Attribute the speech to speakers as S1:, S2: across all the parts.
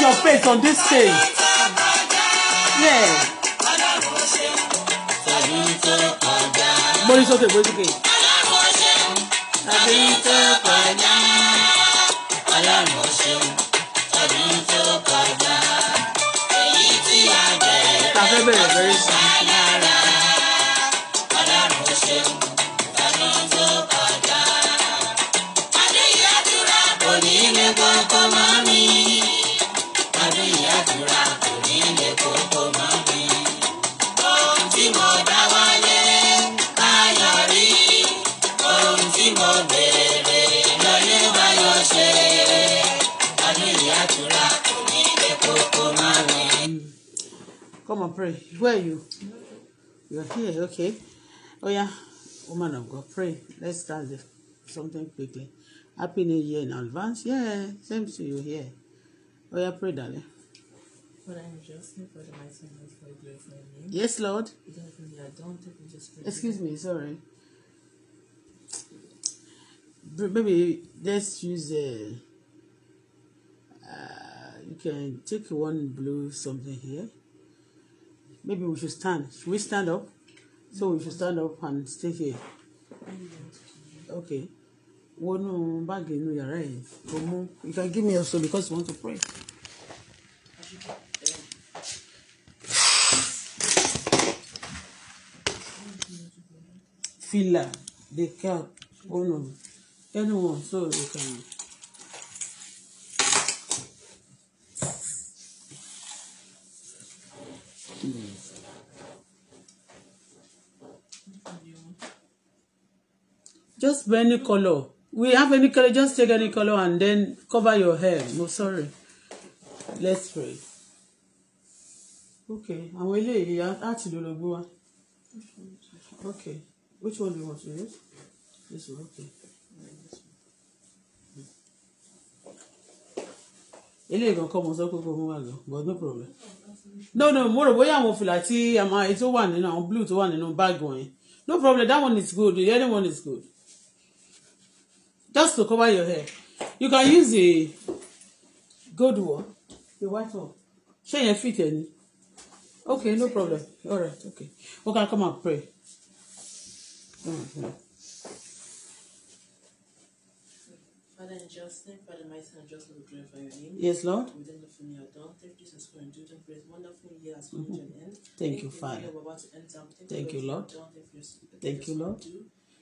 S1: your face on this thing. Yeah. Bọ́lí sókè bọ́lí sókè. Tàbí tó kọjá, ọlọ́run ṣeun, tàbí tó kọjá, èyí tí a Ta fẹ́ bẹ̀rẹ̀ bẹ̀rẹ̀ sí. come and pray. Where are you? You're here, okay. Oh, yeah. Woman of God, pray. Let's start the, something quickly. Happy New Year in advance. Yeah, same to you here. Yeah. Oh, yeah, pray, darling. I'm just for the eh? Yes, Lord. Excuse me, sorry. Maybe let's use a. Uh, uh, you can take one blue something here. Maybe we should stand. Should we stand up? So we should stand up and stay here. Okay. Wọnú báàgì inú yàrá yìí. Kò You can give me also because you want to pray. Fila, the cap, oh Anyone so you can. just wear any color we have any color just take any color and then cover your hair no sorry let's pray okay àwọn eléyìí á ti lò lọ́gbọ́n wa okay which one do you want to use this one okay. eléyìí kan kọ́ mo sọ pé kò mú wà lọ but no problem no no mo rò bóyá àwọn fìlà tí àmọ́ èyí tó wà nínú àwọn blue tó wà nínú báàgì wọ̀nyẹn no problem that one is good the other one is good just to cover your hair you can use the gold one the white one ṣé yẹn fit any. okay no problem All right, okay we can come and pray. Mm-hmm. Father, in Jesus' name, Father, my son, just will glorify your name. Yes, Lord. We thank you for your done. Thank you, Jesus, for indulging for this wonderful year has come to an mm-hmm. end. Thank, you, Father. Thank, thank you, Lord. Thank you, Lord. Thank you, Lord.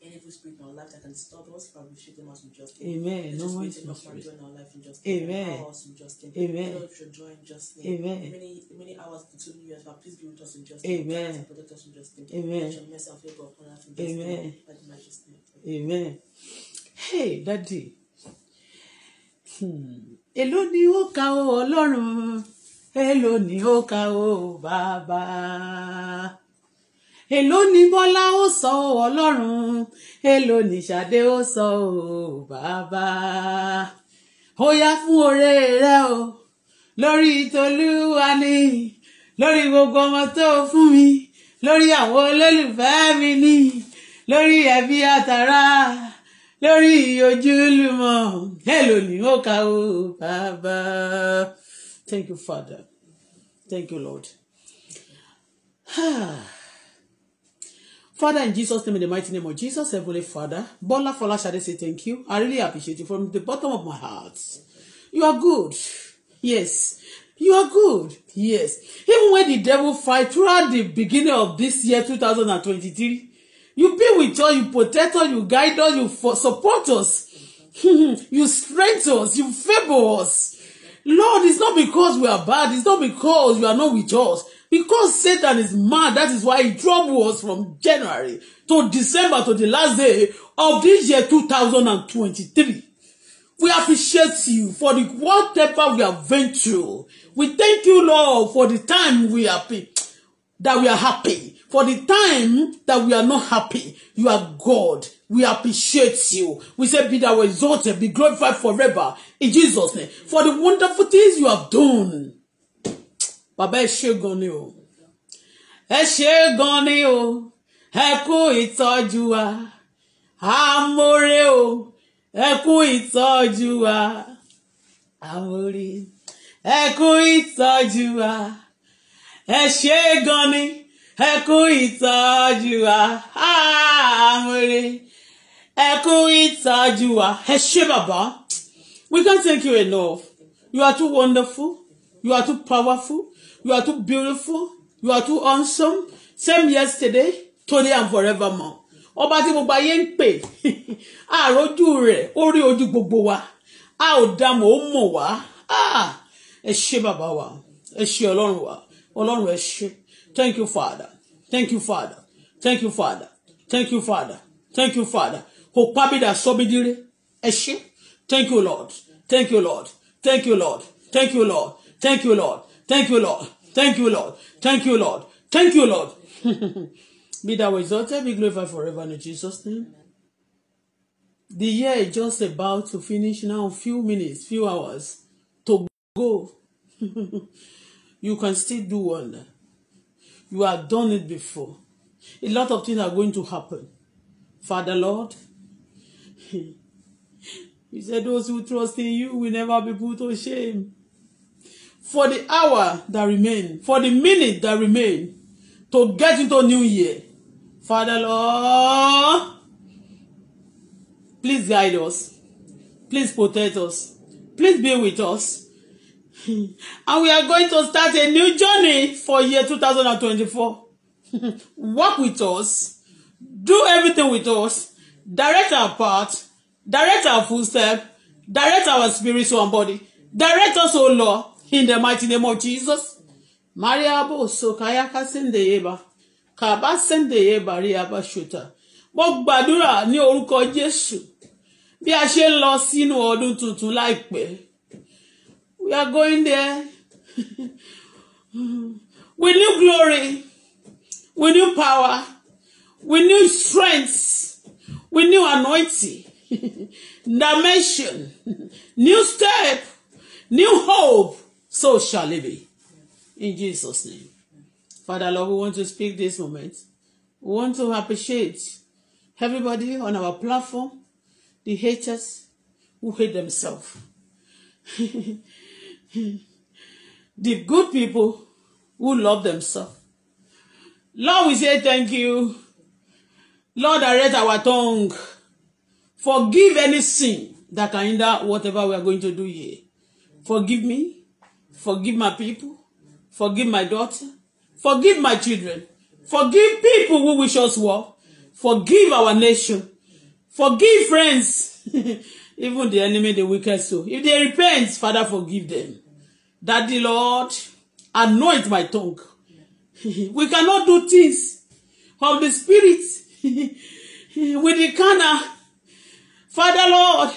S1: Any evil spirit in our life that can disturb us from restricting us in justice. Amen. No one is restricting our life in justice. Amen. Hours in justice. Amen. Lord, your joy in justice. Amen. Many many hours to two years, but please be with us in justice. Amen. protect us in justice. Amen. Let Amen. Amen. Hey, Daddy. Hmm. Èló ni ó kà ó Ọlọ́run? Èló ni ó kà ó bàbá? èló ni Bọ́lá ó sọ Ọlọ́run èló ni Ṣadé ó sọ ọ́ bàbá ó yá fún oore rẹ o lórí tolúwa ni lórí gbogbo ọmọ tó fún mi lórí àwọn olólùfẹ́ mi ni lórí ẹbí àtàrà lórí ojúlùmọ̀ èló ni ó kà ó bàbá. Thank you, Father. Thank you, Lord. Ah. Father, in Jesus' name, in the mighty name of Jesus, Heavenly Father, Bola Fola I say thank you. I really appreciate you from the bottom of my heart. You are good. Yes. You are good. Yes. Even when the devil fight throughout the beginning of this year, 2023, you be with us, you protect us, you guide us, you support us, you strengthen us, you favor us. Lord, it's not because we are bad, it's not because you are not with us. Because Satan is mad, that is why he troubled us from January to December to the last day of this year two thousand and twenty-three. We appreciate you for the whatever we have ventured. We thank you, Lord, for the time we are happy, that we are happy. For the time that we are not happy, you are God. We appreciate you. We say, be thou exalted, be glorified forever. In Jesus' name. For the wonderful things you have done bàbá ẹ ṣé gan ni o ẹ ṣé gan ni o ẹ kú ìtọ́jú wa àmórè o ẹ kú ìtọ́jú wa àmórè ẹ kú ìtọ́jú wa ẹ ṣé gan ni ẹ kú ìtọ́jú wa àmórè ẹ kú ìtọ́jú wa ẹ ṣé bàbá we can't thank you enough you are too wonderful you are too powerful You are too beautiful. You are too handsome. Same yesterday, today and forevermore. Ọba tí gbogbo ayé ń pè àròjù rẹ̀ ó rí ojú gbogbo wa a ò dámọ̀ ó mọ̀ wá ẹ ṣé bàbá wa ẹ ṣé ọlọ́run wa ọlọ́run ẹ ṣé thank you father thank you father thank you father thank you father thank you father kò pábídà sọ́bídìrẹ́ ẹ ṣé thank you lord thank you lord thank you lord thank you lord thank you lord thank you lord. Thank you, Lord. Thank you, Lord. Thank you, Lord. be thou exalted, be glorified forever in Jesus' name. The year is just about to finish now, few minutes, few hours to go. you can still do wonder. You have done it before. A lot of things are going to happen. Father Lord, He said, Those who trust in you will never be put to shame for the hour that remain, for the minute that remain, to get into new year. Father Lord, please guide us. Please protect us. Please be with us. And we are going to start a new journey for year 2024. Work with us. Do everything with us. Direct our path. Direct our footstep. Direct our spiritual body. Direct us, O Lord. In the mighty name of Jesus. Maria Boso Kayaka Sendeyeba. Kaba Sendeyeba Riaba Shuta. Mo gbàdúrà ní orúkọ Jésù. Bí a ṣe ń lọ sínú tuntun láìpẹ́. We are going there. We new glory. We new power. We new strength. We new anointing. dimension, new step, new hope, so shall it be. In Jesus' name. Father, Lord, we want to speak this moment. We want to appreciate everybody on our platform, the haters who hate themselves, the good people who love themselves. Lord, we say thank you. Lord, arrest our tongue. Forgive any sin that can hinder whatever we are going to do here. Forgive me forgive my people, forgive my daughter, forgive my children, forgive people who wish us well, forgive our nation, forgive friends, even the enemy, the wicked soul. If they repent, Father, forgive them. Daddy, Lord, anoint my tongue. we cannot do things of the spirit with the carnal. Father, Lord,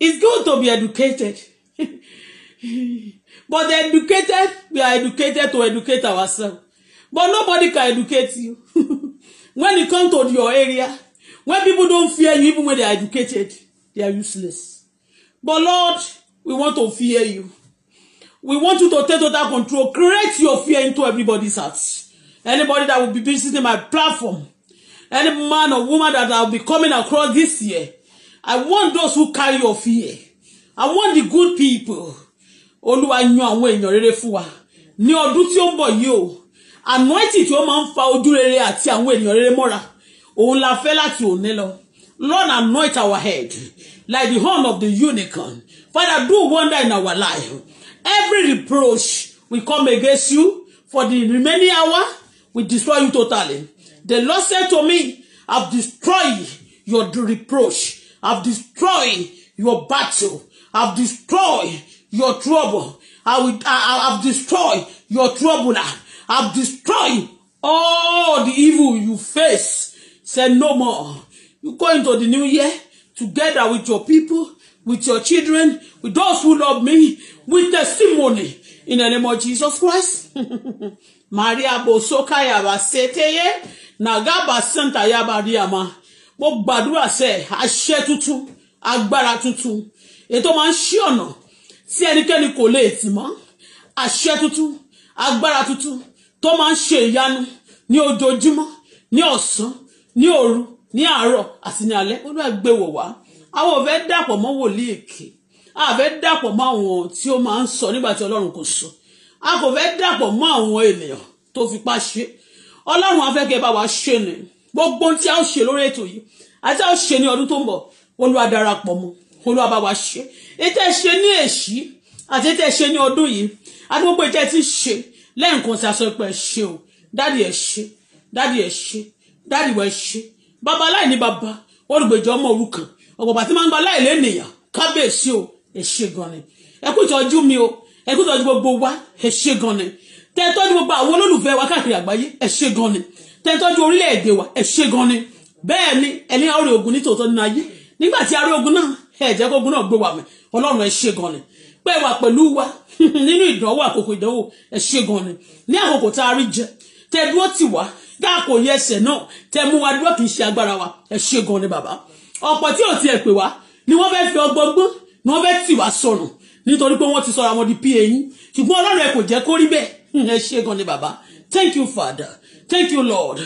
S1: it's good to be educated. But the educated, we are educated to educate ourselves. But nobody can educate you. When it come to your area, when people don't fear you, even when they are educated, they are useless. But Lord, we want to fear you. We want you to take total control. Create your fear into everybody's hearts. Anybody that will be visiting my platform, any man or woman that will be coming across this year, I want those who carry your fear. I want the good people olúwa yan àwọn èèyàn rere fún wa ní ọdún tí ó ń bọ̀ yìí o anointing tí ó máa ń fa ojú rere àti àwọn èèyàn rere mọ́ra òun la fẹ́ láti òní lọ Lord anoint our head like the horn of the unicorn Father do wonder in our life every reproach we come against you for the remaining hour we destroy you totally the Lord said to me I've destroyed your reproach I've destroyed your battle I've destroyed your trouble. I will I, I've destroyed your trouble. I've destroyed all the evil you face. Say no more. You go into the new year together with your people, with your children, with those who love me, with testimony in the name of Jesus Christ. Maria Bosoka Yaba Seteye Nagaba Santa Yaba Riama. Mo Badua sẹ́ àṣẹ tuntun agbara tuntun ètò máa ń ṣí ọ̀nà tí ẹnikẹ́ni kò lè tì mọ́ àṣẹ tuntun agbára tuntun tó máa ń ṣe ìyanu ní ojoojúmọ́ ní ọ̀sán ní òru ní àárọ̀ àti ní alẹ́ olúwa gbé wọ̀ wá àwọn ò dàpọ̀ mọ́ wòlíì èké a dàpọ̀ mọ́ àwọn tí ó máa ń sọ nígbà tí ọlọ́run kò sọ a kò fẹ́ dàpọ̀ mọ́ àwọn ènìyàn tó fipá ṣe ọlọ́run afẹ́kẹ́ bá wa ṣe ni gbogbo tí a ó ṣe lórí ètò yìí àti a ó ṣe ní ọdún tó ń bọ̀ olúwa darapọ̀ mọ́ olúwa bá wa ṣe é ètò ẹ̀ṣẹ̀ ní èṣí àti ètò ẹ̀ṣẹ̀ ní ọdún yìí àti gbogbo ètò ẹ̀tí ṣe lẹ́ǹkan sí aṣọ ìpẹ́ ṣe o dáàdì ẹ̀ ṣe dáàdì ẹ̀ ṣe dáàdì wẹ̀ ṣe bàbá aláì ní bàbá olùgbèjọ́ ọmọ òrukàn ọ̀pọ̀ bàtí máa ń gba aláì lẹ́nìyàn kábíyèsí o ẹ̀ ṣe gan ni ẹ kú ìtọ́jú mi o ẹ kú ìtọ́jú gbogbo wa ẹ̀ ṣe gan ni tẹ́ tọ́jú gbogbo àwọn olólùfẹ́ wa káàkiri àgbáyé ẹ̀ ṣe gan ni tẹ́ tọ́jú orílẹ̀-èdè wa ẹ̀ ṣe gan ni bẹ́ẹ̀ ni ẹni àárẹ̀ ogun nítòótọ́ nínú ayé nígbà tí àárẹ̀ ogun náà ẹ̀ jẹ́ kógun náà gbé wa mẹ́ ọlọ́run ẹ ṣe gan ni pé wà pẹ̀lú wa nínú ìdánwò àkókò ìdánwò ẹ ṣe gan ni ní àkókò tá a rí jẹ tẹ dúró tì wá dáàkò yẹ ẹsẹ̀ náà tẹ mú wa dúró kì í ṣe agbára wa ẹ ṣe gan ni bàbá ọ̀pọ̀ tí ò tiẹ̀ pè wá ni wọ́n fẹ́ fi ọgbọ́gbọ́n ni wọ́n fẹ́ tì wá sọnù nítorí pé wọ́n ti sọra wọn di pa eyín ṣùgbọ́n ọlọ́run ẹ kò jẹ́ kó rí bẹ́ẹ̀ ẹ ṣe gan ni bàbá thank you father thank you lord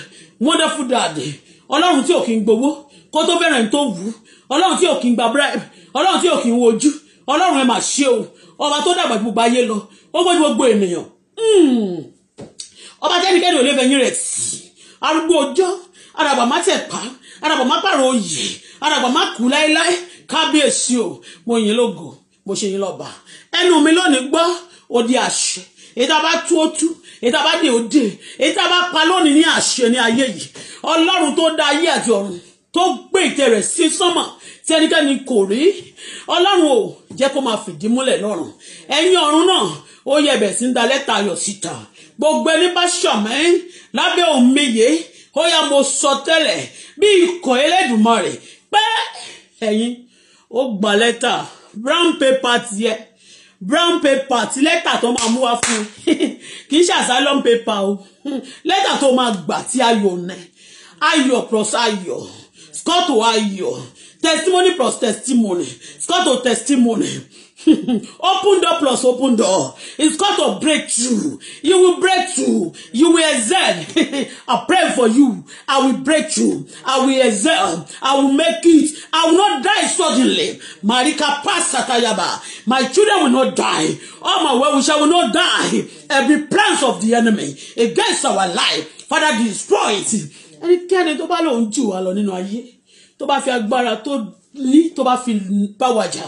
S1: wonderful daddy ọlọ́run tí ò kí ń gbowó kó tó bẹ̀rẹ̀ ń tó wù ọlọ́run tí ò kí ń gba bribe ọlọ́run tí ò kì í wojú ọlọ́run ẹ mà ṣe o ọba tó dàgbà gbogbo ayé lọ ó gbé gbogbo ènìyàn hmm. ọba tẹ́nikẹ́ni ò lè fẹ̀yìn rẹ̀ tì arúgbó ọjọ́ aràgbà má tẹ̀pá aràgbà má pààrọ̀ òyì aràgbà má kú láéláé kábíyèsí o mo yìn lógo mo ṣe yìn lọ́ba ẹnu mi lónìí gbọ́ odi àṣẹ èyí tá a bá tú ó tú èyí tá a bá dé ó dé èyí tá a bá pa lónìí ní àṣẹ ní ayé yìí ọlọ́run tó dá ayé àti ọ̀run tó gbé ìtẹ́ rẹ̀ sí sánmà tí ẹnikẹ́ni kò rí ọlọ́run ò jẹ́ kó máa fìdí múlẹ̀ lọ́run ẹ̀yin ọ̀run náà ó yẹ bẹ̀ sí ń da lẹ́tà ayọ̀ síta gbogbo ẹni bá ṣàmẹ́ lábẹ́ òmìye ó yá mo sọ tẹ́lẹ̀ bí ikọ̀ Elédùmarè pé ẹ̀yin ó gba lẹ́tà brown paper tiẹ̀ brown paper ti lẹ́tà tó máa mú wá fún kì í ṣe asylum paper o lẹ́tà tó máa gbà tí ayọ̀ nẹ ayọ̀ plus ayọ̀. Scott Ohio. Testimony plus testimony. Scott of testimony. open door plus open door. It's called a breakthrough. You will break through. You will excel. I pray for you. I will break through. I will excel. I will make it. I will not die suddenly. Marika Pasatayaba. My children will not die. All my well wishes will not die. Every plans of the enemy against our life. Father, destroy it. Ẹnikẹ́ni tó bá lòun jù wá lọ nínú ayé tó bá fi agbára tó ní tó bá fi bá wa jà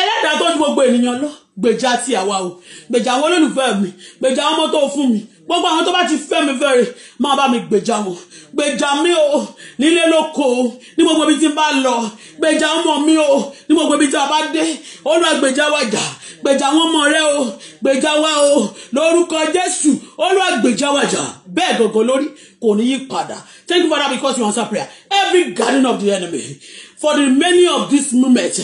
S1: ẹlẹ́dàá tó ju gbogbo ènìyàn lọ gbèjà ti àwa o gbèjà àwọn olólùfẹ́ mi gbèjà ọmọ tó fún mi gbogbo àwọn tó bá ti fẹ́ mi fẹ́rẹ̀ máa bá mi gbèjà wọn gbèjà mi o nílé lóko o ní gbogbo ibi tí n bá lọ gbèjà ọmọ mi o ní gbogbo ibi tí a bá dé olúwa gbèjà wa jà gbèjà wọn ọmọ rẹ o gbèjà wa o lórúkọ jésù olúwa gbèjà wa jà bẹ́ẹ̀ gògó lórí kò ní yí padà thank you father because you answer prayer every garden of the enemy for the many of this moment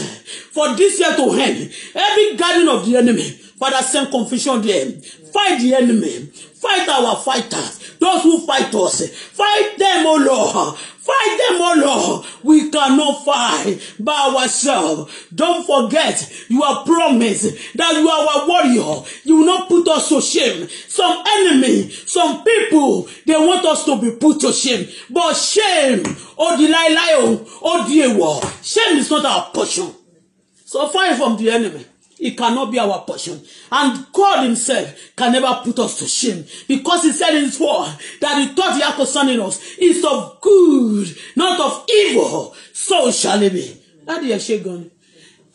S1: for this year to end every garden of the enemy father send confusion there fight the enemy Fight our fighters, those who fight us. Fight them, O oh Lord. Fight them, O oh Lord. We cannot fight by ourselves. Don't forget, you are promised that you are our warrior. You will not put us to shame. Some enemy, some people, they want us to be put to shame. But shame, oh Delilah, oh dear war. Shame is not our portion. So fight from the enemy. It cannot be our portion. And God himself can never put us to shame because he said in his word that He thought the had concerning us is of good, not of evil. So shall it be. That ẹ ṣe gan ni.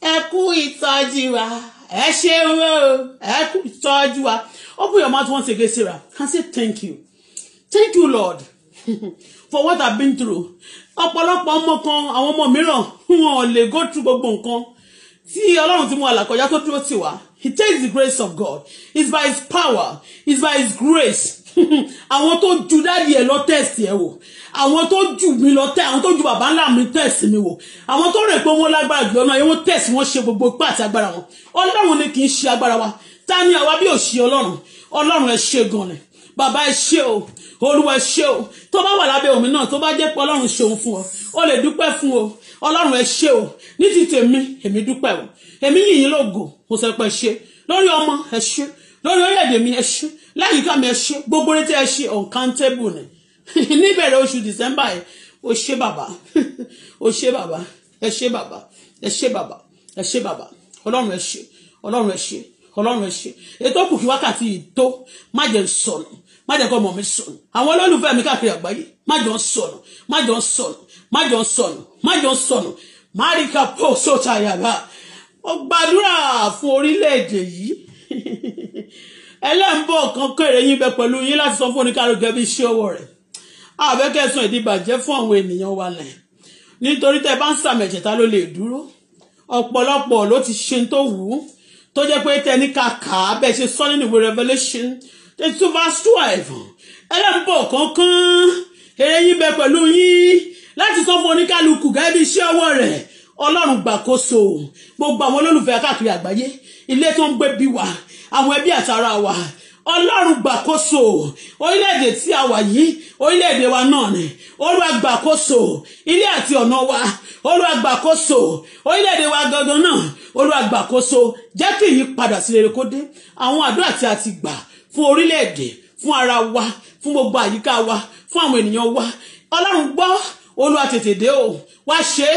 S1: Ẹ kú ìtọ́jú wa, ẹ ṣeun o, ẹ Open your mouth once again, Sarah, and say thank you. Thank you, Lord, for what I've been through. Ọ̀pọ̀lọpọ̀ ọmọ kan, àwọn ọmọ mìíràn, wọn ò go through gbogbo nǹkan tí ọlọ́run ti mú alàkọjá tó dúró tì wá he takes the grace of God it's by his power it's by his grace àwọn tó ju dáàdi ẹ lọ tẹ̀sì ẹ wò àwọn tó ju mi lọ tẹ àwọn tó ju bàbá ńlá mi tẹ̀sì mi wò àwọn tó rẹ̀ pé wọ́n lágbára jùlọ náà wọ́n tẹ̀sì wọ́n ṣe gbogbo ipá àti agbára wọn ọlọ́run ni kì í ṣe agbára wa ta ni àwa bí ò ṣe ọlọ́run ọlọ́run ẹ ṣe gan ni bàbá ẹ ṣe o olúwa ẹ ṣe o tó bá wà lábẹ́ omi náà tó bá jẹ́ pé ọlọ́run ṣe òun fún ọ o lè dúpẹ́ fún o ọlọ́run ẹ ṣé o ní ti tèmi èmi dúpẹ́ o èmi yìnyín lógo mo sọ pé ẹ lórí ọmọ ẹ ṣé lórí orílẹ̀-èdè mi ẹ ṣé láyìíká mi ẹ ṣé gbogbo retí ẹ ṣé uncountable ni níbẹ̀rẹ̀ oṣù december yìí o ṣé bàbá o ṣé bàbá ẹ ṣé bàbá ẹ ṣé bàbá ẹ ṣé bàbá ọlọ́run ẹ ṣé ọlọ́run ẹ ṣé ọlọ́run ẹ ṣé ètò kù kí wákàtí yìí tó má jẹ́ sọnù má jẹ́ kọ́ ọmọ mi sọnù àwọn olólùfẹ́ mi káàkiri àgbáyé má jọ sọnù má jọ sọnù má jọ sọnù má jọ sọnù máríkà pọ̀ sọ́tà yàrá ó gbàdúrà fún orílẹ̀-èdè yìí ẹlẹ́nbọ̀ kan kéré yín bẹ pẹ̀lú yín láti sọ fún oníkàlùkù ẹbí iṣẹ́ ọwọ́ rẹ̀ àbẹ́kẹ̀sùn ìdìbàjẹ́ fún àwọn ènìyàn wa lẹ̀ nítorí tẹ́ bá ń sàmì ẹ̀jẹ̀ ta ló lè dúró ọ̀pọ̀lọpọ̀ ló ti ṣe tó wù ú tó jẹ́ pé tẹni kàkà bẹ́ẹ̀ ṣe sọ nínú ìwé Revelation twenty two verse twelve ẹlẹ́nbọ̀ kankan eré yín bẹ pẹ̀lú yín láti sọ fún oníkálukú gẹ́gẹ́ bí iṣẹ́ ọwọ́ rẹ̀ ọlọ́run gbàkóso gbogbo àwọn olólùfẹ́ káàkiri àgbáyé ilé tó ń gbé bí wa àwọn ẹbí àtàrà wa ọlọ́run gbàkóso orílẹ̀-èdè tí a wà yìí orílẹ̀-èdè wa náà ni Olúwa gbàkóso ilé àti ọ̀nà wa Olúwa gbàkóso orílẹ̀-èdè wa gangan náà Olúwa gbàkóso jẹ́ kí ìyípadà sí rere kó dé àwọn àdúrà tí a ti gbà fún orílẹ̀-èdè fún ara wa fún gbogbo àyíká wa fún àwọn ènìyàn wa ọlọ́run gbọ́ olúwa tètè dé o wá ṣe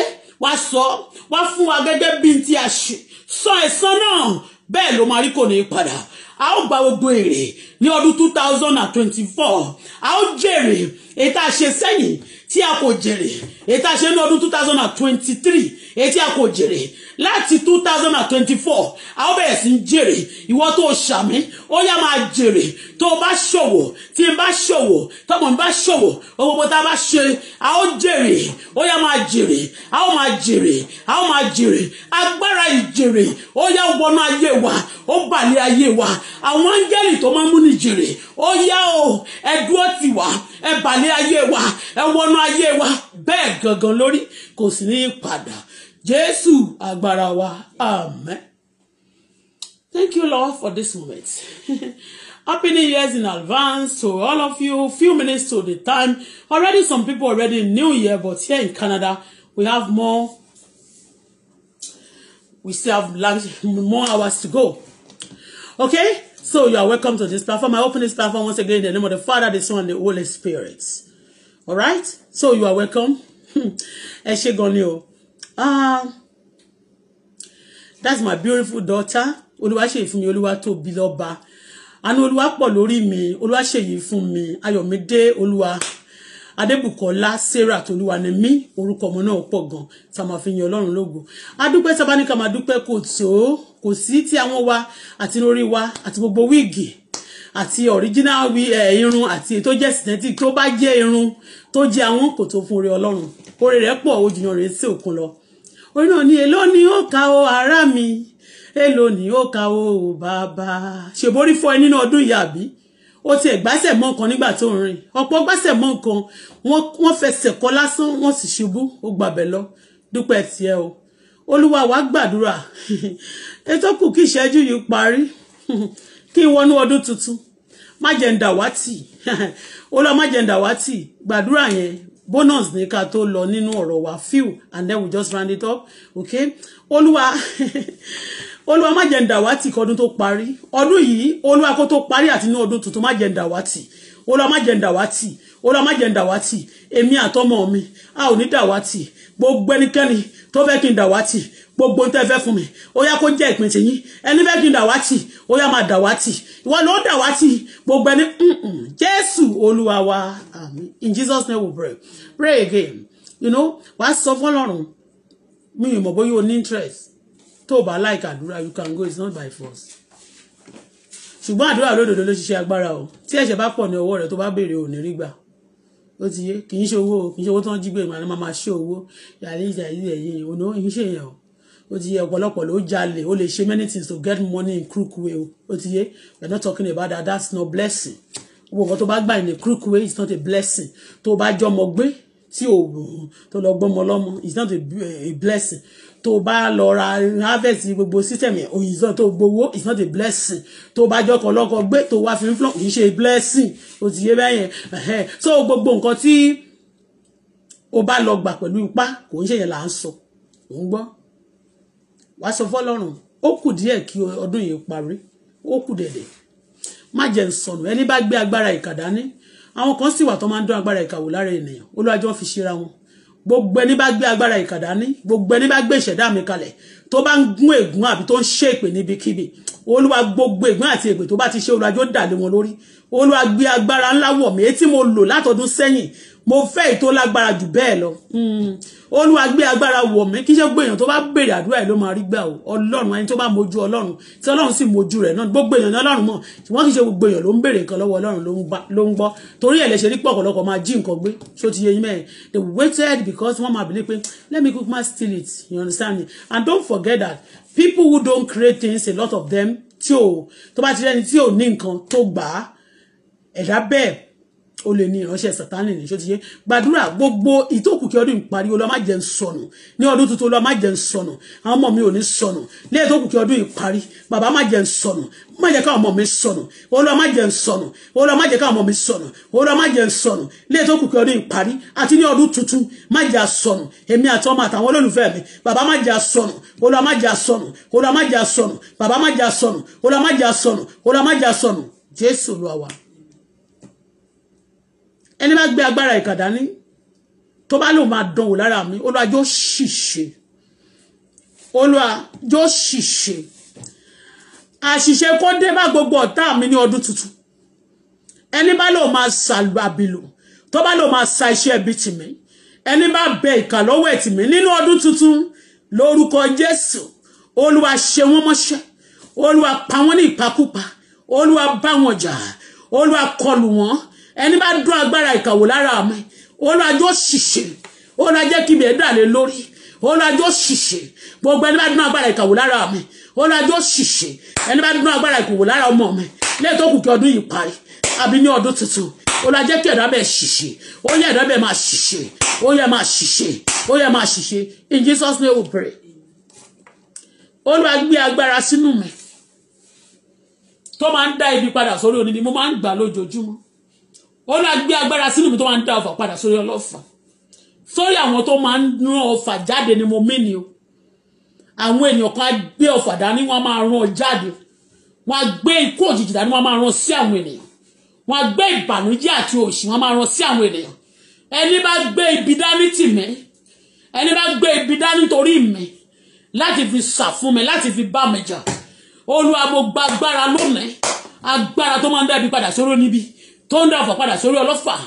S1: wá sọ wá fún wa gẹ́gẹ́ bí ti àṣù sọ ẹ̀san náà bẹ́ẹ̀ ló máa rí kò ní padà a ó gba gbogbo èrè ní ọdún two thousand and twenty-four a ó jèrè èyí tá a ṣe sẹ́yìn tí a kò jèrè èyí tá a ṣe ní ọdún two thousand and twenty-three etí a kò jèrè láti two thousand and twenty-four a ó bẹ̀rẹ̀ sí ń jèrè ìwọ tó ṣàmì ó yá máa jèrè tó o bá ṣòwò tí n bá ṣòwò tọmọ n bá ṣòwò gbogbo tá a bá ṣe a ó jèrè ó yá máa jèrè a ó máa jèrè a ó máa jèrè agbára ìjèrè ó yá wọnú ayé wa ó balẹ̀ ayé wa àwọn áńgẹ́lì tó máa ń múni jèrè ó yá o ẹ dúró tì wá ẹ balẹ̀ ayé wa ẹ wọnú ayé wa bẹ́ẹ̀ gangan lórí kò sì ní í padà jésù agbára wa amen thank you lord for this moment happy new years in advance to all of you few minutes to the time already some people already new year but here in canada we have more we still have large, more hours to go okay so you are welcome to this platform i open this platform once again in the name of the father the son and the holy spirit all right so you are welcome ẹ ah that's my beautiful daughter Oluwa ṣèyí fún mi olúwa tóbi lọ́ba àánú olúwa pọ̀ lórí mi olúwa ṣèyí fún mi ayọ̀mídé olúwa adébùkọ́lá sarah tolúwa ni mí orúkọ ọmọ náà pọ̀ gan tá a máa fi yan ọlọ́run lógo adúpẹ́ tá a bá ní ká máa dúpẹ́ kò tó kò ti àwọn wa àti lórí wa ati gbogbo wigi, ati original irun àti tó jẹ́ synthetic tó bá jẹ́ irun tó jẹ́ àwọn kò tó fún oore ọlọ́run oore rẹ̀ pọ̀ ojúyan rẹ̀ sí òkun lọ orí náà ní èló ni ó ka o ará mi èló ni ó ka o bàbá ṣèborí fọ ẹ nínú ọdún yìí àbí ó ti ẹ̀gbásẹ̀ mọ́ nǹkan nígbà tó ń rìn ọ̀pọ̀ gbásẹ̀ mọ́ nǹkan wọ́n fẹsẹ̀ kọ́ lásán wọ́n sì ṣubú ó gbàbẹ̀ lọ dúpẹ́ tiẹ̀ o olúwa wa gbàdúrà ètò kù kí ìṣẹ́jú yìí parí kí n wọnú ọdún tuntun má jẹ́ ń dàwátì olúwa má jẹ́ ń gbàdúrà yẹn bonus ní ká tó lọ nínú ọ̀rọ̀ wa few and then we just round it up okay olúwa olúwa má jẹ́ ń dàwátì kọ́dún tó parí ọdún yìí olúwa kó tó parí àti ní ọdún tuntun má jẹ́ ń dàwátì olúwa má jẹ́ ń olúwa má jẹ́ ń èmi àtọmọ mi a ò ní dàwátì gbogbo ẹnikẹ́ni tó fẹ́ kí n dàwátì gbogbo tẹ́ fẹ́ fún mi ó yá kó jẹ́ ìpín tiyín ẹni fẹ́ kí n dàwátì ó yá máa dàwátì ìwọ ló dàwátì gbogbo ẹni jésù olúwa wa in jesus name we pray pray again you know wà á sọ fọ́lọ́run mi ò mọ̀ bóyá o ní interest tó o bá like àdúrà you can go it's not by force ṣùgbọ́n àdúrà lódodo ló ṣiṣẹ́ agbára o tí ẹ̀ṣẹ̀ bá pọ̀ ní ọwọ́ rẹ̀ tó bá béèrè ò ní rí gbà ó ti yé kì í ṣe owó kì í ṣe owó tó ń jí gbé ìmọ̀ àná máa ṣe owó yàrá ìjà ìlú ẹ̀yìn òun ò ń ṣèyàn o ó ti yẹ ọ̀pọ̀lọpọ̀ ló jalè ó lè ṣe many things to get money in crook way o ó ti yẹ we are not talking about that that's not blessing gbogbo nǹkan tó bá gbà in a crook way it's not a blessing tó bá jọmọ gbé tí o, tó lọ gbọmọ lọmọ it's not a, a blessing tó bá lọ ra harvest gbogbo system yẹn òyìnbó tó gbowó it's not a blessing tó bá jọkọ lọkọ gbé tó wá fi ń flọ kì í ṣe blessing ó ti yé bẹ́ẹ̀ yẹn so gbogbo nǹkan tí o bá lọ gbà pẹ̀lú ipá kò ń ṣe yẹn là ń sọ ò ń gbọ́ wàá sọ fọ́lọ́run ó kù díẹ̀ kí ọdún yìí parí ó kù dẹ̀dẹ̀ má jẹ́ n sọnù ẹni bá gbé agbára ìkà dání àwọn kan sì wà tó máa ń dún agbára ìkà wò lára ènìyàn olùwàjọ́ fi ṣera wọn gbogbo ẹni bá gbé agbára ìkà dání gbogbo ẹni bá gbé ìṣẹ̀dá mi kalẹ̀ tó bá ń gún ègún àbí tó ń ṣe èpè níbikíbi olúwa gbogbo ègún àti èpè tó bá ti ṣe olùwàjọ́ dà wọn lórí olúwa gbé agbára ńlá wọ̀ mí etí mo lò látọdún sẹ́yìn mo fẹ́ èyí lágbára jù bẹ́ẹ̀ lọ hmm. olúwa gbé agbára wọ̀ mí kí ṣe gbé tó bá béèrè àdúrà ẹ̀ ló máa rí gbà o ọlọ́run ẹni tó bá mojú ọlọ́run tí ọlọ́run sì mojú rẹ̀ náà gbogbo èèyàn ní ọlọ́run mọ̀ wọ́n kì í ṣe gbogbo èèyàn ló ń béèrè nǹkan lọ́wọ́ ọlọ́run ló ń gbọ́ torí ẹ̀ lè rí pọ̀ ọ̀pọ̀lọpọ̀ máa jí nǹkan gbé ṣó ti yé yín they waited because wọ́n máa believe pé let me cook my steal it you understand me and don't forget that people who don't create things a lot of them tí ò tó bá ti rẹ́ni tí ò ní nǹkan tó gbà ẹ̀dá bẹ́ẹ̀ ó lè ní ìránṣẹ́ sátánì ní ṣótiyé gbàdúrà gbogbo ìtókù kí ọdún ìparí olóòmá jẹ́ ń sọnù ní ọdún tuntun olóòmá jẹ́ ń sọnù àwọn ọmọ mi ò ní sọnù ní ìtókù kí ọdún ìparí bàbá má jẹ́ ń sọnù má jẹ́ káwọn ọmọ mi sọnù olóòmá jẹ́ ń sọnù olóòmá jẹ́ káwọn ọmọ mi sọnù olóòmá jẹ́ ń sọnù ní ìtókù kí ọdún ìparí àti ní ọdún tuntun má jẹ́ sọnù èmi àti ọmọ àtàwọn olólùfẹ́ mi bàbá má jẹ́ ẹni bá gbé agbára ìkà dání tó bá lò máa dánwò lára mi olúwa jọ̀ọ́ ṣìṣe olúwa jọ̀ọ́ ṣìṣe àṣìṣe kó dé bá gbogbo ọ̀tá mi ní ọdún tuntun ẹni bá lò máa ṣàlùbàbìlò tó bá lò máa sa iṣẹ́ ibi tì mí ẹni bá bẹ ìkà lọ́wọ́ ẹ̀ tì mí nínú ọdún tuntun lórúkọ jésù olúwa ṣe wọ́n mọ́ṣẹ́ olúwa pa wọ́n ní ìpakúpa olúwa bá wọn jà olúwa kọlù wọ́n ẹni bá dún agbára ìkàwò lára mi olùwàjò ṣìṣe olùwàjò kíbi ẹ̀dá lé lórí olùwàjò ṣìṣe gbogbo ẹni bá dún agbára ìkàwò lára mi olùwàjò ṣìṣe ẹni bá dún agbára ìkàwò lára ọmọ mi lẹ́ẹ̀tọ́ kù kí ọdún yìí parí àbí ní ọdún tuntun olùwàjẹ́ kí ẹ̀dá bẹ́ẹ̀ ṣìṣe ó yẹ ẹ̀dá bẹ́ẹ̀ máa ṣìṣe ó yẹ máa ṣìṣe ó yẹ máa ṣìṣe in Jesus name we pray olúwa gbé agbára sínú mi tó máa ń dá ibi padà sórí onídìí mo máa ń gbà lójoojúmọ́ olúwa gbé agbára sínú mi tó máa ń dá ọfà padà sórí ọlọ́fà sórí àwọn tó máa ń rán ọfà jáde ni mo mí ni o àwọn ènìyàn kan á gbé ọfà dání wọ́n á máa rán ọ jáde wọ́n á gbé ikú òjijì dání wọ́n á máa rán sí àwọn ènìyàn wọ́n á gbé ìbànújẹ́ àti òṣì wọ́n á máa rán sí àwọn ènìyàn ẹni bá gbé ibi dání tì mí ẹni bá gbé ibi dání torí mi láti fi ṣàfún mi láti fi bá mi jà olúwa agbára lónìí agbára tó máa ń dá ibi padà sóró níbi tó ń dá ọ̀fọ̀ padà sórí ọlọ́pàá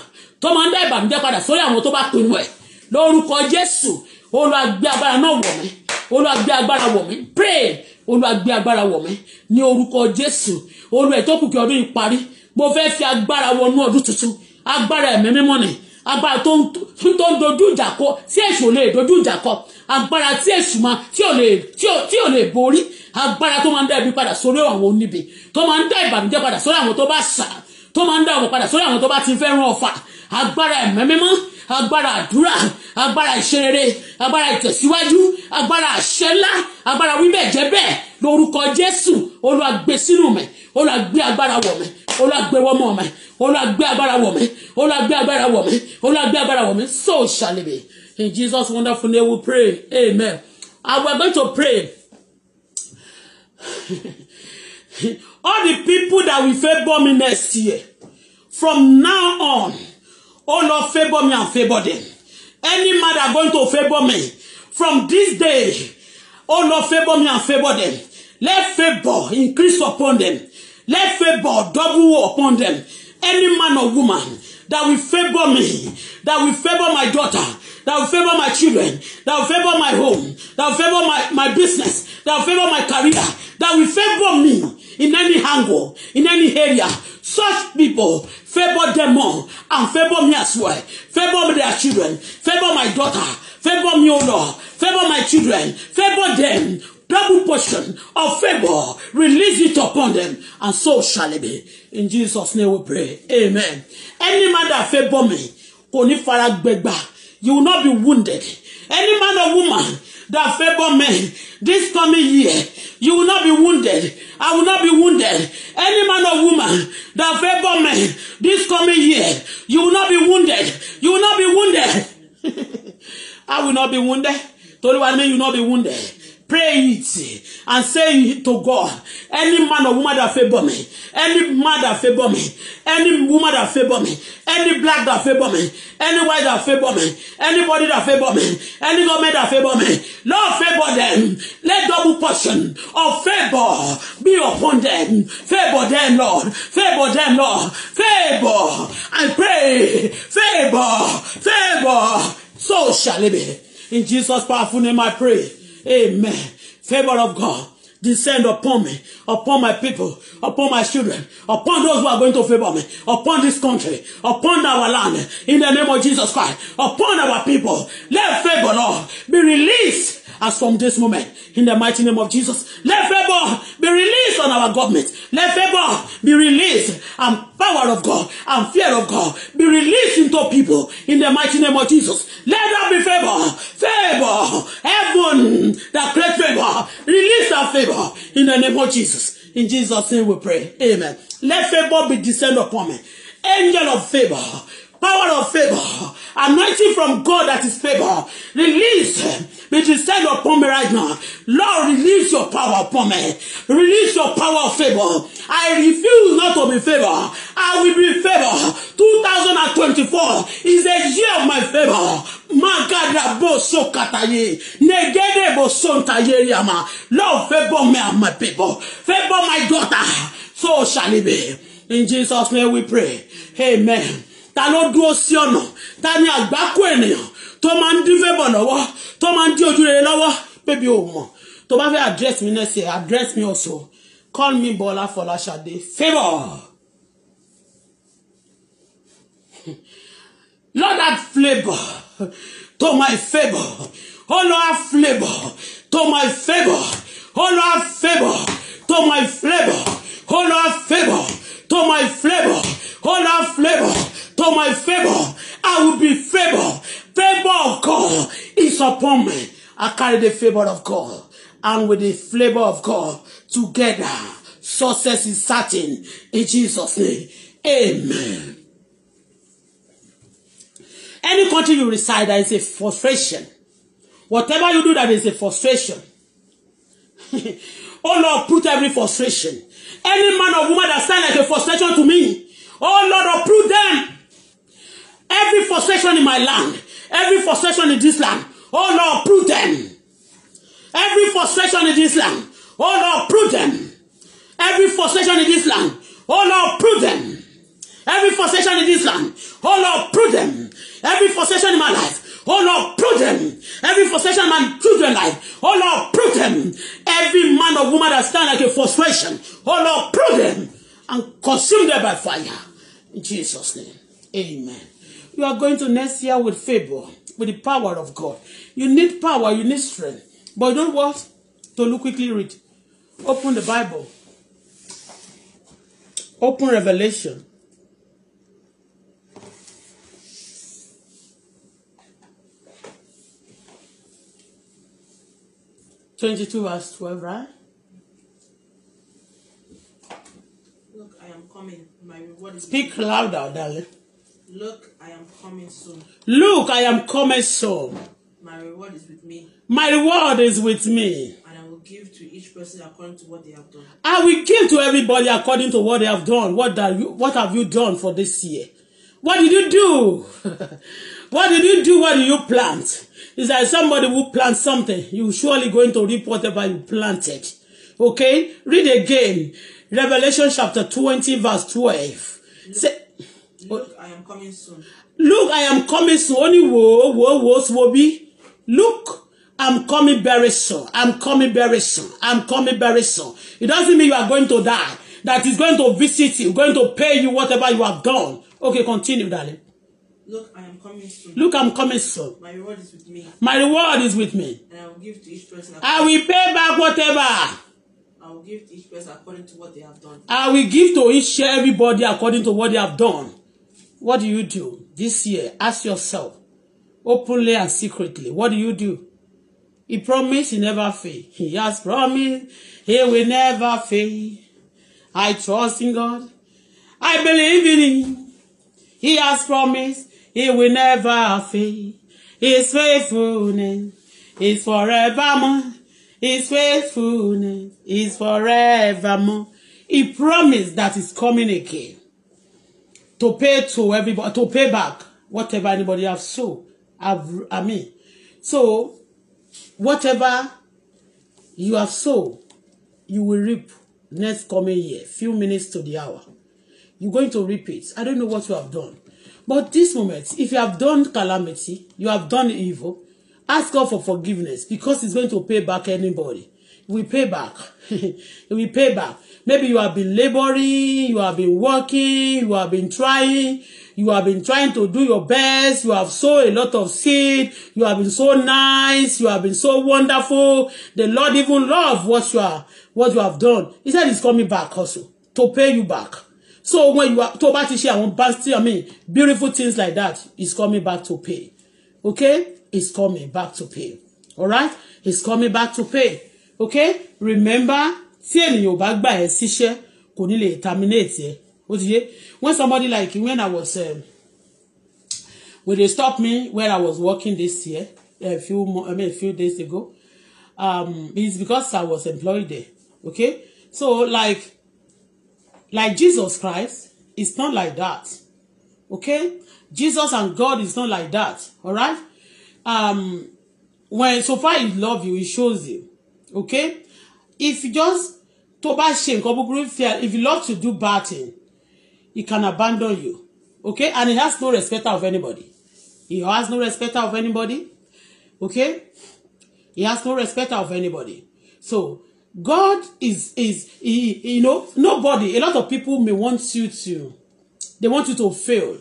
S1: tó máa ń dá ìbànújẹ́ padà sórí àwọn tó bá pinnu ẹ̀ lórúkọ jésù olùwàgbé agbára náà wọ̀ mí olùwàgbé agbára wọ̀ mí pray olùwàgbé agbára wọ̀ mí ní orúkọ jésù olùwẹ̀ tó kù kí ọdún yìí parí mo fẹ́ fi agbára wọnú ọdún tuntun agbára ẹ̀mí mímọ́ ni agbára tó ń dojú ìjà kọ tí èṣù lè dojú ìjà kọ agbára tí èṣù máa tí ò lè tí ò lè borí agbára tó máa ń dá ibi padà sórí àwọn oníbi tó máa ń dá ìbànújẹ́ padà sórí àwọn tó bá sà tó máa ń dá àwọn padà sórí àwọn tó bá ti fẹ́ràn ọ̀fà agbára ẹ̀mẹ́ agbára àdúrà agbára ìṣerere agbára ìtẹ̀síwájú agbára àṣẹ agbára wíbẹ̀ jẹ́ bẹ́ẹ̀ lórúkọ Jésù Olúwa sínú mi Olúwa agbára wọ̀ mi Olúwa gbé wọ́mọ mi agbára wọ̀ mi Olúwa agbára wọ̀ mi Olúwa agbára wọ̀ mi so shall it be in Jesus wonderful name we pray amen I will going to pray. all the people that will favor me next year from now on oh lord favor me and favor them any man that going to favor me from this day oh lord favor me and favor them let favor increase upon them let favor double upon them any man or woman that will favor me that will favor my daughter that will favor my children that will favor my home that will favor my my business that will favor my career that will favor me in any angle, in any area. Such people, favor them more and favor me as well. Favor their children, favor my daughter, favor me, O Lord, favor my children, favor them. Double portion of favor, release it upon them, and so shall it be. In Jesus' name we pray. Amen. Any man that favor me, kò ní you will not be wounded. Any man or woman that favor me this coming year. You will not be wounded. I will not be wounded. Any man or woman that favor me this coming year, you will not be wounded. You will not be wounded. I will not be wounded. Torí wa ni you will not be wounded praying it and saying it to God, any man or woman that favor me, any man that favor me, any woman that favor me, any black that favor me, any white that favor me, anybody that favor me, any government that favor me, Lord favor them. Let double portion of favor be upon them. Favor them, Lord. Favor them, Lord. Favor. I pray. Favor. Favor. So shall it be. In Jesus' powerful name I pray. Amen. Favor of God descend upon me, upon my people, upon my children, upon those who are going to favor me, upon this country, upon our land, in the name of Jesus Christ, upon our people. Let favor, Lord, be released as from this moment, in the mighty name of Jesus. Let favor be released on our government. Let favor be released and power of God and fear of God be released into people in the mighty name of Jesus. Let that be favor, favor, heaven that great favor, release that favor in the name of Jesus. In Jesus' name we pray. Amen. Let favor be descend upon me. Angel of favor power of favor, anointing from God that is favor, release it is said upon me right now. Lord, release your power upon me. Release your power of favor. I refuse not to be favor. I will be favor. Two thousand and twenty-four is the year of my favor. Magada bo so kataye. Negede bo son tayeriama. Lord, favor me and my people. Favor my daughter. So shall it be. In Jesus' name we pray. Amen ta ló dúró sí ọ̀nà ta ni àgbákò ènìyàn tó máa ń dín fẹ́bọ̀ lọ́wọ́ tó máa ń dín ojú rere lọ́wọ́ bébí o mọ̀ tó bá fẹ́ address mi next address me also call me Bọ́lá Fọláṣadé favour Lord add flavour to my favour oh Lord add flavour to my favour oh Lord add flavour to my carry the favor of God. And with the flavor of God, together, success is certain. In Jesus' name, amen. Any country you reside, that is a frustration. Whatever you do, that is a frustration. oh Lord, put every frustration. Any man or woman that sounds like a frustration to me, oh Lord, oh, uproot them. Every frustration in my land, every frustration in this land, oh Lord, uproot them. Every frustration in this land, oh Lord, prove them. Every frustration in this land, oh Lord, prove them. Every frustration in this land, oh Lord, prove them. Every frustration in my life, oh Lord, prove them. Every frustration in my children's life, oh Lord, prove them. Every man or woman that stand like a frustration, oh Lord, prove them and consume them by fire. In Jesus' name, amen. You are going to next year with favor, with the power of God. You need power, you need strength. But don't To look quickly read. Open the Bible. Open Revelation. Twenty-two verse twelve, right? Look, I am coming. My reward is. Speak louder, darling. Look, I am coming soon. Look, I am coming soon. My reward is with me. My reward is with me. And I will give to each person according to what they have done. I will give to everybody according to what they have done. What that you what have you done for this year? What did you do? What did you do? What did you plant? It's like somebody who plant something. You surely going to reap whatever you planted. Okay? Read again. Revelation chapter 20, verse 12. Look, Say, look, I am coming soon. Look, I am coming soon. Only ní wò ó, wò ó, wò Look, I'm coming very soon. I'm coming very soon. I'm coming very soon. It doesn't mean you are going to die. That is going to visit you, going to pay you whatever you have done. Okay, continue, darling. Look, I am coming soon. Look, I'm coming soon. My reward is with me. My reward is with me. And I will give to each person. I will pay back whatever. I will give to each person according to what they have done. I will give to each everybody according to what they have done. What do you do this year? Ask yourself openly and secretly. What do you do? He promised he never fail. He has promised he will never fail. I trust in God. I believe in him. He has promised he will never fail. His faithfulness is forevermore. His faithfulness is forevermore. He promised that he's coming again to pay to everybody to pay back whatever anybody has sold I mean so whatever you have sown you will reap next coming year few minutes to the hour you're going to reap it I don't know what you have done but this moment if you have done calamity you have done evil ask God for forgiveness because he's going to pay back anybody we pay back we pay back maybe you have been laboring you have been working you have been trying You have been trying to do your best. You have sown a lot of seed. You have been so nice. You have been so wonderful. The Lord even love what you are, what you have done. He said he's coming back also to pay you back. So when you are, to bá ti ṣe àwọn basti, I mean, beautiful things like that, he's coming back to pay. Okay? He's coming back to pay. All right, He's coming back to pay. Okay? Remember, tí ènìyàn ò bá gbà ẹ́ síṣẹ́, kò ní lè terminate ẹ́ ó ti yé when somebody like when i was um, when they stopped me where i was working this year a few more, i mean a few days ago um, it's because i was employed there okay so like like jesus christ it's not like that okay jesus and god is not like that Alright, um when so far he love you he shows you okay if you just to bad ṣe if you love to do bad thing he can abandon you okay and he has no respect of anybody he has no respect of anybody okay he has no respect of anybody so God is is he, you know nobody a lot of people may want you to they want you to fail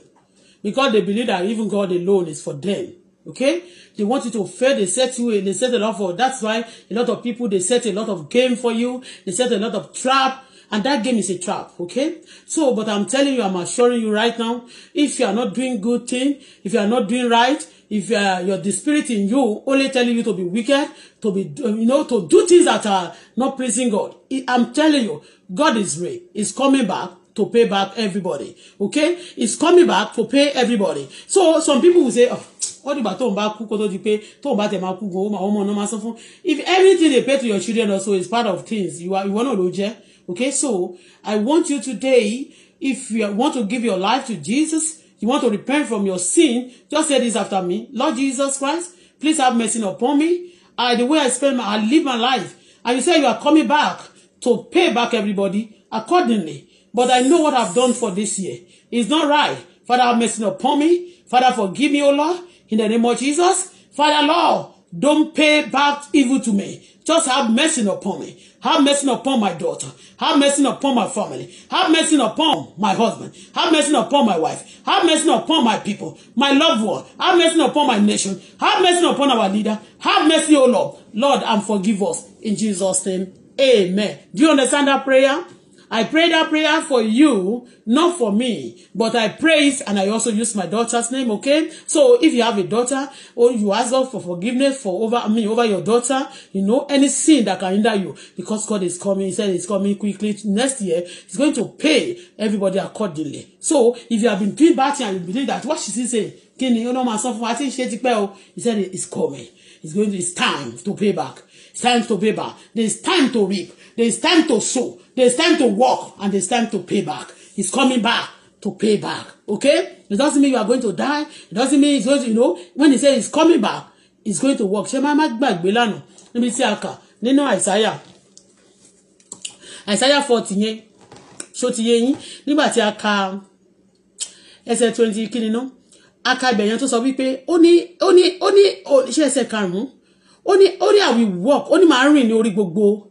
S1: because they believe that even God alone is for them okay they want you to fail they set you they set a lot for that's why a lot of people they set a lot of game for you they set a lot of trap and that game is a trap okay so but i'm telling you i'm assuring you right now if you are not doing good thing if you are not doing right if you uh, are, your the spirit in you only telling you to be wicked to be uh, you know to do things that are not pleasing god i'm telling you god is real he's coming back to pay back everybody okay he's coming back to pay everybody so some people will say oh wọ́n dìgbà tóun bá kú kó tó di pé tóun bá tẹ̀ máa kú gan-an àwọn ọmọ náà máa sọ fún if everything they pay to your children also is part of things you are ìwọ náà ló jẹ́ Okay, so I want you today, if you want to give your life to Jesus, you want to repent from your sin, just say this after me. Lord Jesus Christ, please have mercy upon me. I, the way I spend my, I live my life. And you say you are coming back to pay back everybody accordingly. But I know what I've done for this year. It's not right. Father, have mercy upon me. Father, forgive me, O Lord, in the name of Jesus. Father, Lord, don't pay back evil to me. Just have mercy upon me. Have mercy upon my daughter. Have mercy upon my family. Have mercy upon my husband. Have mercy upon my wife. Have mercy upon my people, my loved one. Have mercy upon my nation. Have mercy upon our leader. Have mercy, O Lord. Lord, and forgive us. In Jesus' name, amen. Do you understand that prayer? I pray that prayer for you, not for me, but I praise and I also use my daughter's name, okay? So if you have a daughter or oh, you ask God for forgiveness for over I me, mean, over your daughter, you know, any sin that can hinder you, because God is coming, He said He's coming quickly next year, He's going to pay everybody accordingly. So if you have been doing bad and you believe that what she say, kí you know náà máa sọ fún wa tí He said He's coming, It's going to, it's time to pay back. It's time to pay back. There's time to reap. There's time to sow. There's time to work. And there's time to pay back. He's coming back to pay back. Okay? It doesn't mean you are going to die. It doesn't mean it's going to, you know, when he says he's coming back, he's going to work. Ṣé máa má gbàgbé lánàá níbi tí a kà nínú àìsáyà àìsáyà forty yẹn ṣó ti yé yín nígbà tí a ka ẹsẹ̀ twenty kí ni ná a ka ibẹ̀ Oni tó sọ wípé ó ní ó ó ní ó ní i walk ó ní màá rìn ní orí gbogbo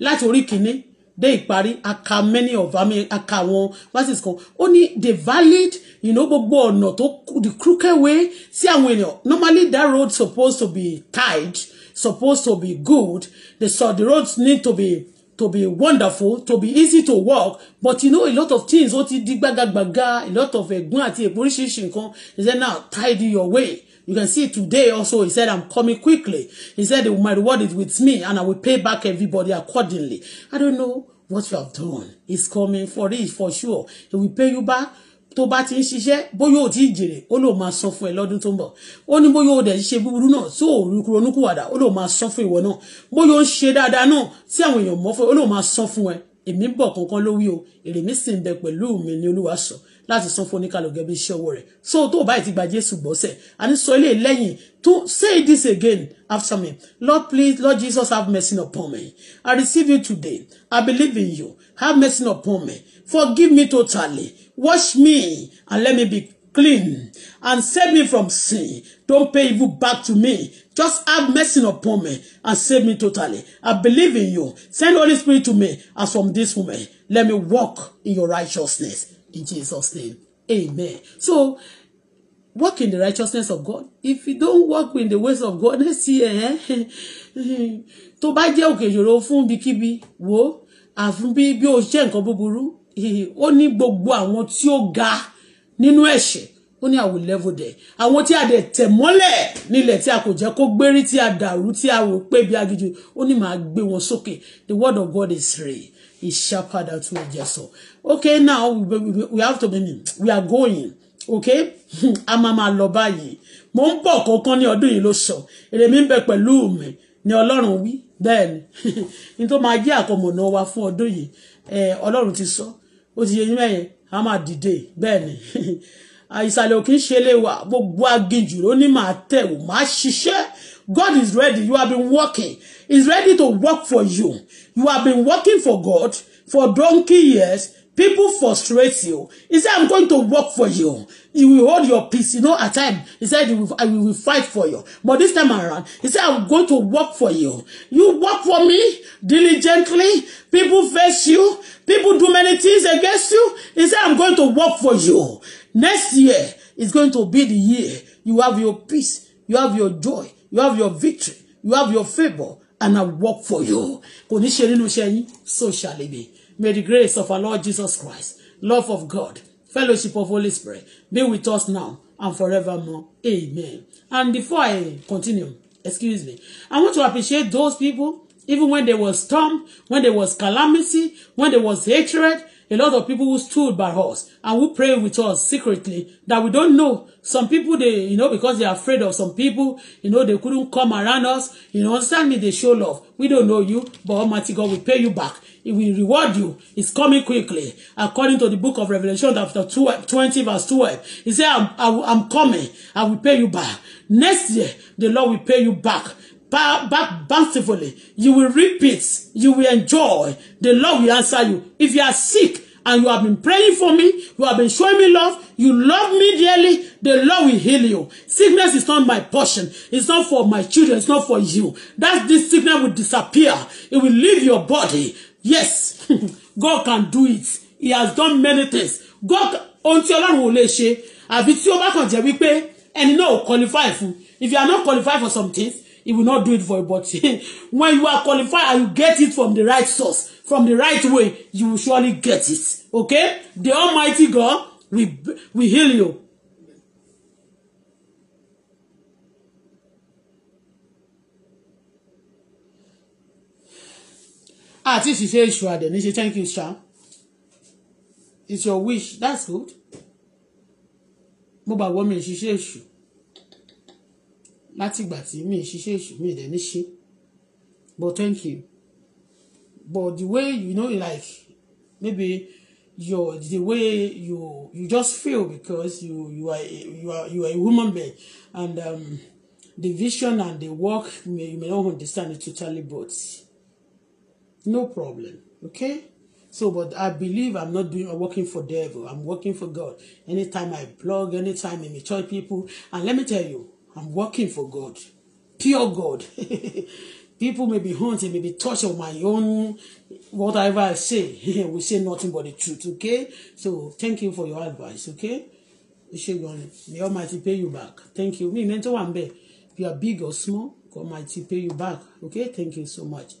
S1: láti orí kìíní dé ìparí aka many of am aka àwọn verses kan ó ní the valid you know gbogbo ọ̀nà tó the crooked way sí àwọn ènìyàn normally that road supposed to be tied supposed to be good the so the roads need to be to be wonderful to be easy to walk but you know a lot of things ó ti di gbagagbaga a lot of ẹ̀gbọ́n àti èpò oríṣiríṣi nǹkan he say now tidy your way You can see today also, he said, I'm coming quickly. He said, my reward is with me and I will pay back everybody accordingly. I don't know what you have done. He's coming for it, for sure. He will pay you back. tó bá ti ń ṣiṣẹ́ bóyá jèrè ó lò máa san fún ẹ lọ́dún tó ń bọ̀ ó ní bóyá ò dẹ̀ ṣe búburú náà tó òrukú onúkúwàdà ó lò máa san fún ìwọ náà bóyá ó ń ṣe dáadáa náà tí àwọn èèyàn mọ̀ fún ẹ ó lò máa san fún ẹ èmi bọ̀ kankan ló o èrè mi sì ń bẹ pẹ̀lú mi ni olúwa sọ láti san fún oníkàlọ̀ gẹ́gẹ́ bí iṣẹ́ ọwọ́ rẹ̀ so tó o báyìí ti gba Jésù gbọ́sẹ̀ àní sọ ilé lẹ́yìn to say this again after me Lord please Lord Jesus have mercy upon me I receive you today I believe in you have mercy upon me forgive me totally wash me and let me be clean and save me from sin. Don't pay evil back to me. Just have mercy upon me and save me totally. I believe in you. Send Holy Spirit to me as from this woman. Let me walk in your righteousness. In Jesus' name. Amen. So, walk in the righteousness of God. If you don't walk in the ways of God, next year, eh? tó bá jẹ́ òkè ìṣòro fún bíkíbi, wo, àfún bí bí o jẹ́ nǹkan búburú, ó ní gbogbo àwọn tí ó ga nínú ẹ̀ṣẹ̀, ó ní àwọn level dẹ̀. Àwọn tí a dẹ̀ tẹ̀ mọ́lẹ̀ nílẹ̀ tí a kò jẹ́ kó gbérí tí a dàrú tí a rò pé bí agijù, ó ní màá gbé wọn sókè. The word of God is free. It's sharper than two edges okay now we, we, we have to be we are going okay a máa máa lọ báyìí mo ń bọ̀ kọ̀ọ̀kan ní ọdún yìí ló sọ èrè mi ń bẹ pẹ̀lú mi ni ọlọ́run wí bẹ́ẹ̀ ni n tó máa jẹ́ àkọmọ̀nà wa fún ọdún yìí ọlọ́run ti sọ ó ti yẹ yín a máa dìde bẹ́ẹ̀ ni ìsàlẹ̀ òkè ṣe lè gbogbo aginjù ló ní màá tẹ̀ ò máa God is ready you have been working He's ready to work for you you have been working for God for donkey years People frustrate you. He said, I'm going to work for you. You will hold your peace. You know, at time, he said, he will, I will fight for you. But this time around, he said, I'm going to work for you. You work for me diligently. People face you. People do many things against you. He said, I'm going to work for you. Next year is going to be the year you have your peace. You have your joy. You have your victory. You have your favor. And I work for you. Kò ní ṣe nínú iṣẹ́ yín, so shall it May the grace of our Lord Jesus Christ, love of God, fellowship of Holy Spirit be with us now and forevermore. Amen. And before I continue, excuse me, I want to appreciate those people, even when there was storm, when there was calamity, when there was hatred, a lot of people who stood by us and who prayed with us secretly that we don't know. Some people, they, you know, because they are afraid of some people, you know, they couldn't come around us. You know, understand me? They show love. We don't know you, but Almighty God will pay you back. It will reward you. It's coming quickly. According to the book of Revelation, chapter 20, verse 12, he said, I'm, I'm coming. I will pay you back. Next year, the Lord will pay you back back bountifully. You will reap it. You will enjoy. The Lord will answer you. If you are sick and you have been praying for me, you have been showing me love, you love me dearly, the Lord will heal you. Sickness is not my portion. It's not for my children. It's not for you. That this sickness will disappear. It will leave your body yes God can do it he has done many things God ohun tí ọlọ́run ò lè ṣe àbí tí ó bá kàn jẹ́ wípé ẹni náà ò qualify fún if you are not qualified for something, he will not do it for you but when you are qualified and you get it from the right source from the right way you will surely get it okay the almighty God will, will heal you àti ṣiṣẹ́ iṣu àdẹ̀ níṣe thank you sha it's your wish that's good mo gbàgbọ́ mi ṣiṣẹ́ iṣu láti ìgbà tí mi ṣiṣẹ́ iṣu mi dẹ̀ níṣe but thank you but the way you know like maybe your the way you you just feel because you you are you are you are a woman being and um, the vision and the work may, you may not understand it totally but no problem okay so but i believe i'm not doing I'm working for devil i'm working for god anytime i blog anytime i meet other people and let me tell you i'm working for god pure god people may be haunted may be touched on my own whatever i say we say nothing but the truth okay so thank you for your advice okay may almighty pay you back thank you me mentor one bit if you are big or small god mighty pay you back okay thank you so much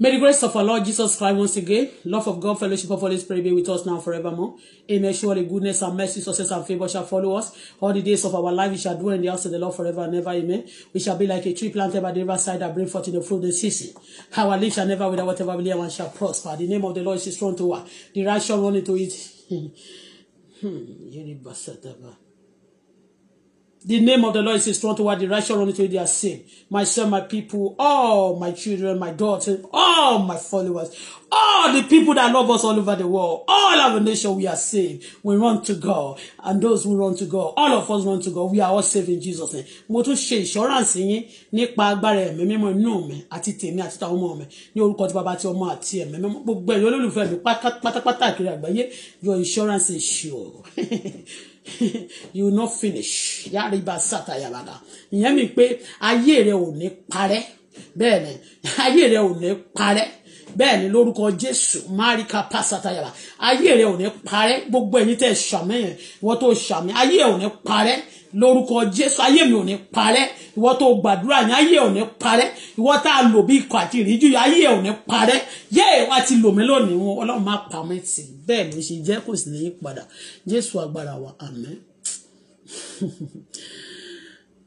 S1: May the grace of our Lord Jesus Christ once again, love of God, fellowship of Holy Spirit be with us now forevermore. Amen. Surely goodness and mercy, success and favor shall follow us. All the days of our life we shall dwell in the house of the Lord forever and ever. Amen. We shall be like a tree planted by the riverside that bring forth in the fruit of the season. Our life shall never wither, whatever we live and shall prosper. The name of the Lord is strong to us. The right shall run into it. hmm. The name of the Lord is a strong toward the righteous run into their sin. Myself, my people, all my children, my daughters, all my followers, all the people that love us all over the world, all our nation, we are saved. We run to God. And those who run to God, all of us run to God. We are all saved in Jesus' name. Mo tún ṣe ìṣọ́ránsì yín nípa agbára ẹ̀mí mímọ́ inú mi àti tèmi àti táwọn ọmọ mi ní orúkọ tí bàbá tí ọmọ àti ẹ̀mí mímọ́ gbogbo ẹ̀yọ́ olólùfẹ́ mi pátápátá kiri àgbáyé your insurance is sure. you will not finish yàrá sàtàyàbàdà ìyẹn mi pé ayé rẹ ò ní parẹ́ bẹ́ẹ̀ ni ayé rẹ ò ní parẹ́ bẹ́ẹ̀ ni lórúkọ jésù máríkà pásátàyàbà ayé rẹ ò ní parẹ́ gbogbo ẹ̀yin tẹ́ ṣàmì yẹn wọ́n tó ṣàmì ayé ò ní parẹ́ lórúkọ jésù ayé mi ò ní parẹ́ ìwọ tó gbàdúrà yẹn ayé ò ní parẹ́ ìwọ tá a lò bí ikọ̀ àti ìríjú ayé ò ní parẹ́ yé wa ti lò mí lónìí wọn ọlọ́run má pa mí tì bẹ́ẹ̀ ló ṣe jẹ́ kò sì ní í padà jésù agbára wa àmín.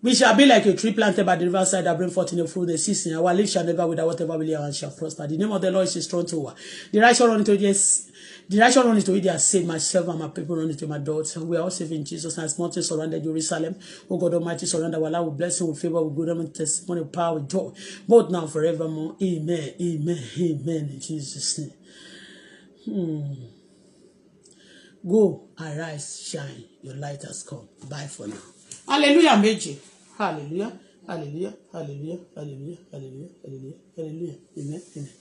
S1: We shall be like a tree planted by the riverside that bring forth in the fruit the season. Our leaves shall never wither, whatever we lay our hand shall prosper. The name of the Lord is a strong tower. The righteous run into yes, The righteous run into it, they are saved. Myself and my people run into my daughters. and we are all saved in Jesus. And as mountains surrounded Jerusalem, Oh God Almighty, surround our life with blessing, with favor, with goodness, with testimony, with power, with joy, both now forevermore. Amen, amen, amen. In Jesus' name. Hmm. Go, arise, shine. Your light has come. Bye for now. Hallelujah, méjì. Hallelujah, hallelujah, hallelujah, hallelujah, hallelujah, hallelujah, hallelujah. Amen, amen.